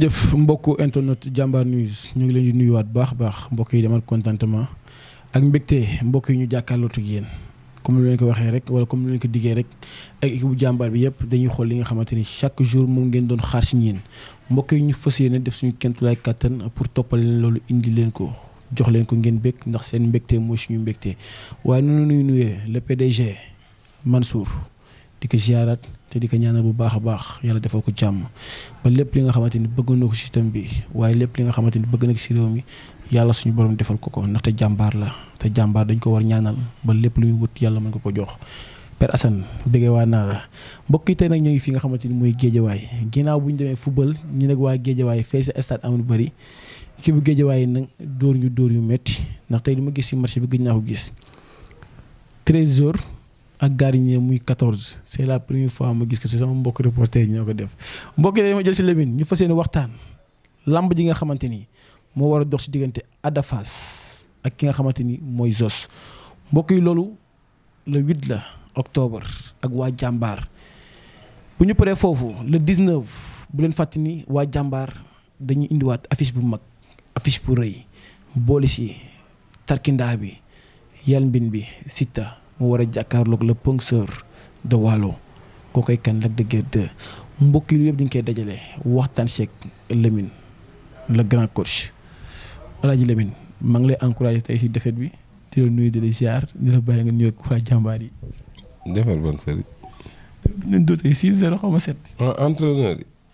jëf mbokku internet je news ñu ngi leen di nuyuwaat baax baax mbokk yi demal contentement ak mbégte mbokk ñu comme le ko waxee rek wala comme ko diggee rek ak équipe bi dañuy chaque jour moom ngeen doon xaar ñeen mbokk ñu def pour toppal leen indi leen ko jox leen ko ngeen ndax seen mooy suñu le PDG Mansour. di ko ziaraat te di ko ñaanal bu baax a baax yàlla defal ko jàmm ba lépp li nga xamante ni bëgg na ko système bi waaye lépp li nga xamante ni bëgg na si réew mi yàlla suñu borom defal ko ko ndaxte jàmbaar la te jàmbaar dañ ko war ñaanal ba lépp lu muy wut yàlla man ko ko jox. Père Assane bëggee waa naa la mbokk yi tey nag ñu ngi fi nga xamante ni mooy géejawaay ginnaaw bu ñu demee fubal ñu nag waa géejawaay fee sa stade amul bari ki bu géejawaay nag dóor ñu dóor yu metti ndax tey li ma gis si marché bi gëj naa ko gis 13 ak Garnier muy 14 c'est la première fois ma gis ko si sama mbokk reporter ñoo ko def mbokk yi ma jël si Lamine ñu fas yéene waxtaan lamb ji nga xamante ni moo war a dox si diggante Ada ak ki nga xamante ni mooy Zoss mbokk yi loolu le 8 la octobre ak waa jàmbaar bu ñu paree foofu le 19 bu leen fàtte ni waa jàmbaar dañuy indiwaat affiche bu mag affiche bu rëy boolisi si tarkindaa bi yal mbin bi Siteu mu war a jàkkaarloog le penseur de Waalo kookoy kan Lac de Guiers 2 mbokk yi yëpp dañ koy dajale waxtaan ceeg Lamine le grand coach Alaaji Lamine maa ngi lay encouragé tey si défaite bi di la nuyu di la ziar di la bàyyi nga nuyu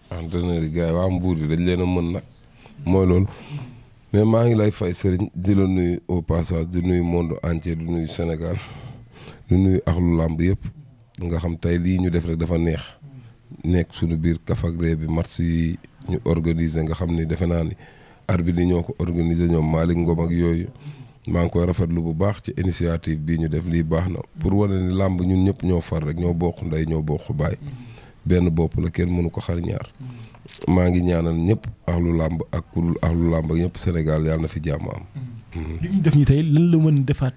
ak ah, dañ leen a mën nag mooy loolu maa ngi lay fay sëriñ di la nuyu au passage di nuyu monde entier di nuyu Sénégal. du nuyu axlu làmb yëpp nga xam tey lii ñu def rek dafa neex nekk sunu biir kafagre bi match yi ñu organiser nga xam ni defe naa ni arbitre di ñoo ko organiser ñoom Malick Ngom ak yooyu maa ngi koy rafetlu bu baax ci initiative bii ñu def lii baax na pour wane ni làmb ñun ñëpp ñoo far rek ñoo bokk ndey ñoo bokk baay benn bopp la kenn mënu ko xar ñaar maa ngi ñaanal ñëpp axlu làmb ak kudul axlu làmb ak ñëpp Sénégal yàlla na fi jàmm am. defaat.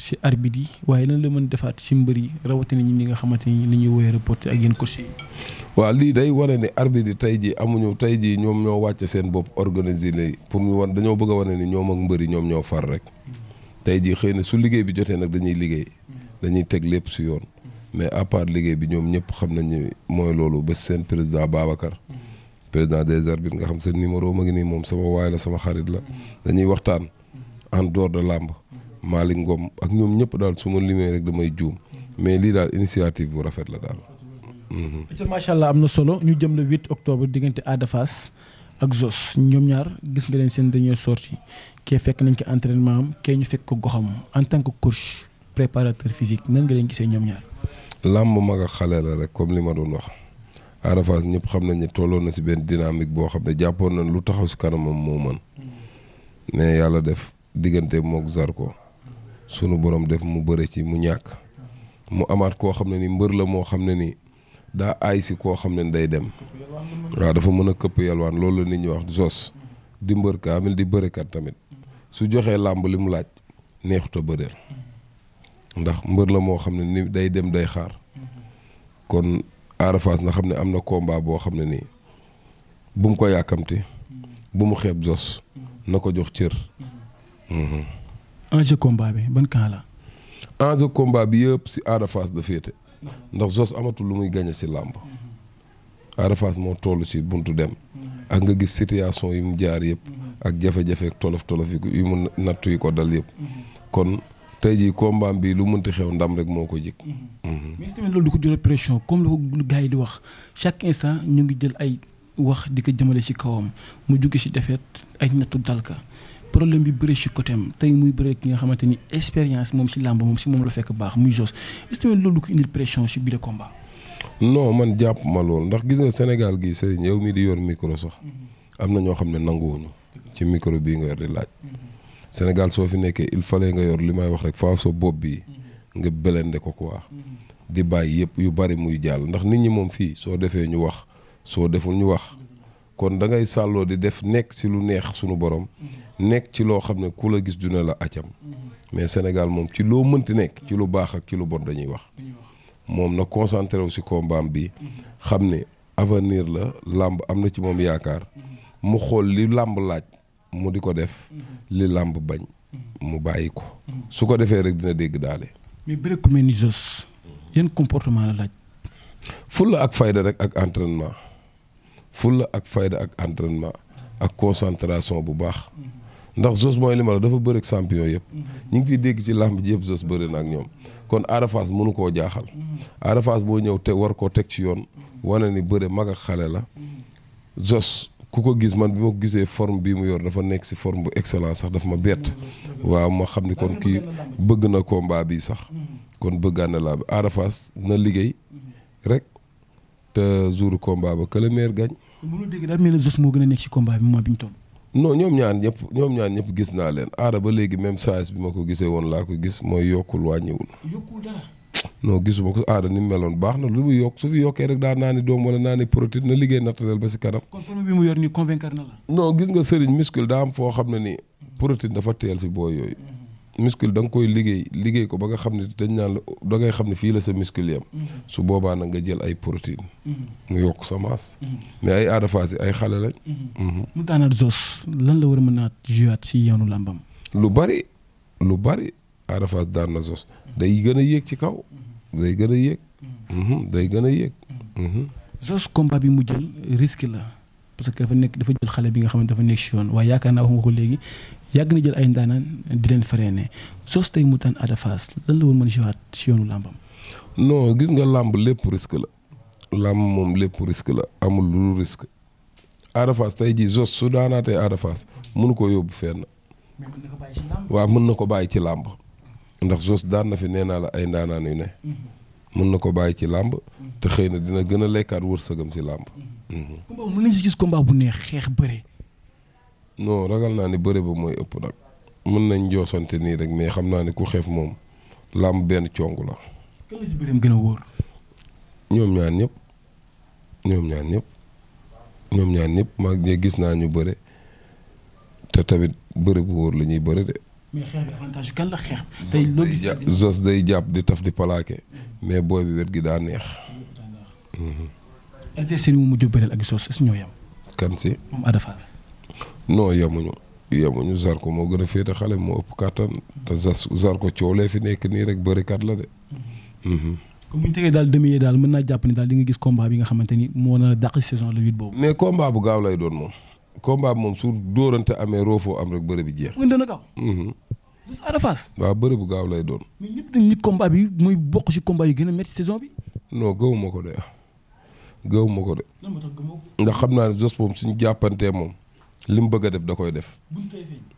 si arbit yi waaye lan la mën defaat si mbër yi rawatina ñi nga xamante ni li ñuy woowee reporté ak yéen coach yi. waaw lii day wane ni arbitre yi tey jii amuñu tey jii ñoom ñoo wàcce seen bopp organiser lay pour ñu wan dañoo bëgg a wane ni ñoom ak mbër yi ñoom ñoo far rek. tey ji xëy na su liggéey bi jotee nag dañuy liggéey. dañuy teg lépp si yoon. mais à part liggéey bi ñoom ñëpp xam nañu mooy loolu ba seen président Babacar. président des arbitres nga xam seen numéro ma ngi nii moom sama waay sama xarit la. dañuy waxtaan en dehors de làmb Malick Ngom ak ñoom ñëpp daal suma ma limee rek damay juum mais lii daal initiative bu rafet la daal. macha mhm. allah am na solo ñu jëm le 8 octobre diggante Ada Fass ak Zos ñoom ñaar gis nga leen seen dañoo sorti kee fekk nañ ko entraînement am kee ñu fekk ko goxam en tant que coach préparateur physique nan nga leen gisee ñoom ñaar. làmb mag ak xale la rek comme li ma doon wax Ada Fass ñëpp xam nañ ne tolloon na si benn dynamique boo xam ne jàppoon nañ lu taxaw si kanamam moo man yàlla def diggante moog Zarko. sunu borom def mu bëre ci mu ñàkk mu amaat koo xam ne ni mbër la moo xam ne nii daa aay koo xam ne ni day dem waaw dafa mën a këpp yalwaan loolu la nit ñi wax zos di mbër kaamil di bërekat tamit su joxee làmb li mu laaj neexut a bëreel ndax mbër la moo xam ne nii day dem day xaar kon Ada Fass na xam ne am na combat boo xam ne nii bu mu ko yàkkamti bu mu xeeb zos na ko jox cër. Mhm. enjeu combat bi ban camp la. combat bi yëpp si Ada Fass da féete ndax Zoss amatul lu muy gañe si làmb Ada moo toll si buntu dem ak nga gis situation yi mu jaar yëpp ak jafe-jafe tolof tolof yu mu nattu yi ko dal yëpp kon tey jii combat bi lu mënti xew ndam rek moo ko jik mhm. mais tamit loolu comme lu gars yi di wax chaque instant ñu ngi jël ay wax di ko jëmale ci kawam mu jugge si defet ay nattu dal ka problème bi bëri ci côté am tey muy bëri ki nga xamante ni expérience moom ci làmb moom ci moom la fekk baax muy jos est-ce que loolu ko indil pression ci de combat. non man jàpp ma loolu ndax gis nga Sénégal gi Serigne yow mii di yor micro sax mhm. am na ñoo xam ne nanguwuñu ci micro bii nga yor di laaj. Mhm. Sénégal soo fi nekkee il fallait nga yor li may wax rek faaw sa bopp bi mhm. nga belende ko quoi. di bàyyi yëpp yu bari muy jàll ndax nit ñi moom fii soo defee ñu wax soo deful ñu wax. kon da ngay sàlloo di def nekk si lu neex sunu borom nekk ci loo xam ne ku la gis duna la acam mais Sénégal moom ci loo mënti nekk ci lu baax ak ci lu bon dañuy wax moom na concentré wu ci combat bi xam ne avenir la làmb am na ci moom yaakaar mu xool li làmb laaj mu di ko def li làmb bañ mu bàyyi ko su ko defee rek dina dégg daale mais bëre comportement la laaj fulla ak fayda rek ak entraînement fulla ak fayda ak entraînement ak concentration bu baax ndax Zoss mooy li ma la dafa bëri ak champion yëpp ñu ngi fiy dégg ci làmb ji yëpp Zoss bëri na ak ñoom kon Ada Fass mënu koo jaaxal Ada Fass boo ñëw te war koo teg ci yoon wane ni bëre mag ak xale la Zoss ku ko gis man bi ma ko gisee forme bii mu yor dafa nekk si forme bu excellence sax daf ma bett waaw ma xam ni kon kii bëgg na combat bi sax kon bëggaan na laa bi Ada Fass na liggéey rek te jour combat ba que le meilleur gagne. mënul dégg daal mel ni Zoss moo gën a nekk ci combat bi moment bi ñu toll. non ñoom ñaan ñëpp ñoom ñaan ñëpp gis naa leen aada ba léegi même size bi ma ko gisee woon laa ko gis mooy yokkul wàññiwul. yokkul dara. non gisuma ko aada ni mu meloon baax na lu mu yokk su fi yokkee rek daa naa ni doom wala naa ni protéine na liggéey naturel ba si kanam. kon forme bi mu yor na la. non gis nga sëriñ muscle daa am foo xam ne nii. protéine dafa teel si booy yooyu. muscle da nga koy liggéey liggéey ko ba nga xam ne dañ naan la da xam ne fii sa muscle yam mm-hmm. su boobaa nga jël ay protéines mm-hmm. mu yokk sa masse mm-hmm. mais ay Ada Fass yi ay xale mu daanaat Zoss lan la war a mën a juyaat si yoonu làmbam lu bari lu bari Ada Fass daan na Zoss day gën a yéeg ci kaw day gën a yéeg day gën a yéeg Zoss combat bi mu jël risque la parce que dafa nekk dafa jël xale bi nga xamante dafa nekk si yoon waaye yaakaar naa wax nga ko léegi yàgg na jël ay ndaanaan di leen ne Zoss tey mu daan Ada Fass lan la woon mën gis nga làmb lépp risque la. làmb moom lépp risque la amul risque. Ada Fass tey su daanaatee Ada Fass mënu yóbbu fenn. na ko bàyyi ci làmb. waaw mën na ko bàyyi ci làmb. ndax Zoss daan na fi nee naa la ay ndaanaan yu ne. Mhm. mën na ko bàyyi ci làmb. Mhm. te xëy na dina gën a lekkaat wërsëgam si làmb. Mhm. combat mën nañ si gis combat bu neex xeex bëre. no ragal naa ni bëre ba mooy ëpp nag mën nañ joosante nii rek mais xam naa ne ku xeef moom làmb benn cong la. kan gën a ñoom ñaan ñëpp ñoom ñaan ñëpp ñoom ñëpp maa ngi gis naa ñu bëre te tamit bëre bu wóor la ñuy bëre de. mais xeex bi day jàpp di taf di palaake mm-hmm. mais booy bi wet gi daa neex. Mm-hmm. adversaire yi mu mujj bëreel ak Zoss si ñoo yem. kan si moo gën a féete xale moo ëpp kattan te Zarko coow lee fi nekk nii rek bërikat la de. Mm-hmm. Mm-hmm. comme bu ñu tegee daal demi daal mën naa jàpp ni daal di nga gis combat bi nga xamante ni moo nar a dàq saison le huit boobu. mais combat bu gaaw lay doon moom. combat bi moom su am rek bëri bi jeex. mu ngi dana gaaw. Mm-hmm. gaaw lay doon. mais ñëpp muy bokk si combat yi gën a métti saison bi. non gëwuma ko de. gëw ma ko de. ndax xam naa ne Zoss moom suñu jàppantee moom lim bëgg a def da koy def.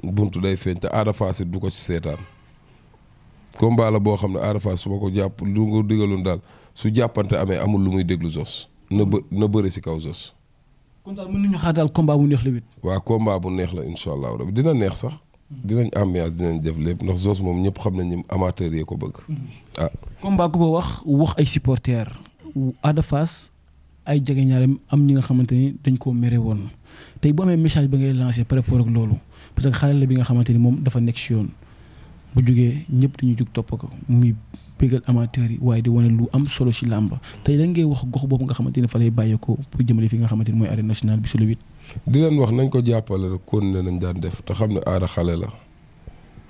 buntu day feeñ te Ada Fass du ko ci seetaan. combat la boo xam ne Ada su ma ko jàpp lu nga digaloon daal su jàppante amee amul lu muy déglu Zoss na bë na bëre si kaw Zoss. kon daal mën nañu xaar daal combat bu neex la wit. waaw combat bu neex la incha allah rabi dina neex sax. Hmm. dinañ ambiance dinañ def lépp ndax Zoss moom ñëpp xam nañ ne amateur yi ko bëgg. Hmm. ah combat ku ko wax wax ay supporters Ada Fass ay jege ñaarem am ñi nga xamante ni dañ koo mere woon tey bu amee message bi ngay lancé par rapport ak loolu parce que xale la bi nga xamante ni moom dafa nekk si yoon bu jugee ñëpp dañuy jug topp ko muy bégal amateur yi waaye di wane lu am solo si làmb tey lan ngay wax gox boobu nga xamante ni fa lay bàyyeekoo pour jëmale fi nga xamante ni mooy arène nationale bi si le huit. di wax nañ ko jàppale rek kon ne nañ daan def te xam ne aada xale la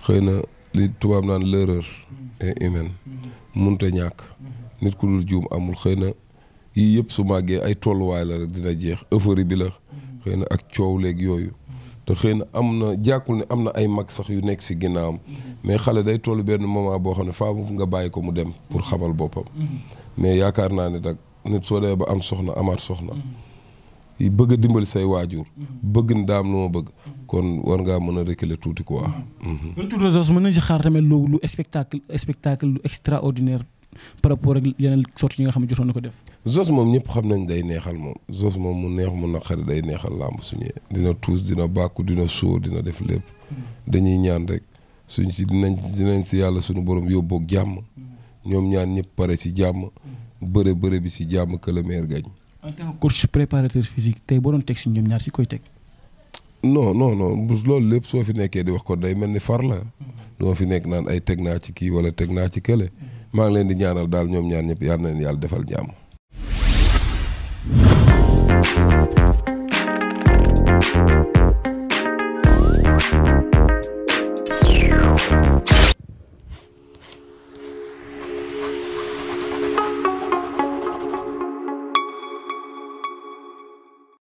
xëy na li tubaab naan l'erreur est humaine mm-hmm. ñàkk mm-hmm. nit ku amul xëy na yii yëpp su màggee ay tolluwaay la rek dina jeex euphorie bi la xëy na ak coow léeg yooyu te xëy na am na jàkkul ne am na ay mag sax yu nekk si ginnaawam mais xale day toll benn moment boo xam ne faa mu nga bàyyi ko mu dem pour xamal boppam mais yaakaar naa ne nag nit soo demee ba am soxna amaat soxna bëgg a dimbali say waajur bëgg ni daam lu ma bëgg kon war ngaa mën a reculer tuuti quoi. Retour des Os mën nañ si xaar tamit lu lu spectacle spectacle lu extraordinaire par rapport ak yeneen sorties yi nga xam ne jotoon na ko def. Zos moom ñëpp xam nañ day neexal moom Zos moom mu neex mu naqari ay neexal làmb suñu dina tuus dina bàkku dina sóor dina def lépp. Mm. dañuy ñaan rek suñ si dinañ dinañ si yàlla suñu borom yóbboo jàmm. Mm. ñoom ñaan ñëpp pare si jàmm. Mm. bëre bëre bi si jàmm que le meilleur préparateur physique tey boo doon teg si ñoom ñaar si koy teg. non non non loolu lépp soo fi nekkee di wax ko day mel ni far la. doo fi nekk naan ay teg naa ci kii wala teg naa ci kële. maa ngi leen di ñaanal daal ñoom ñaan ñëpp yal na leen yàlla defal jàmm. Thank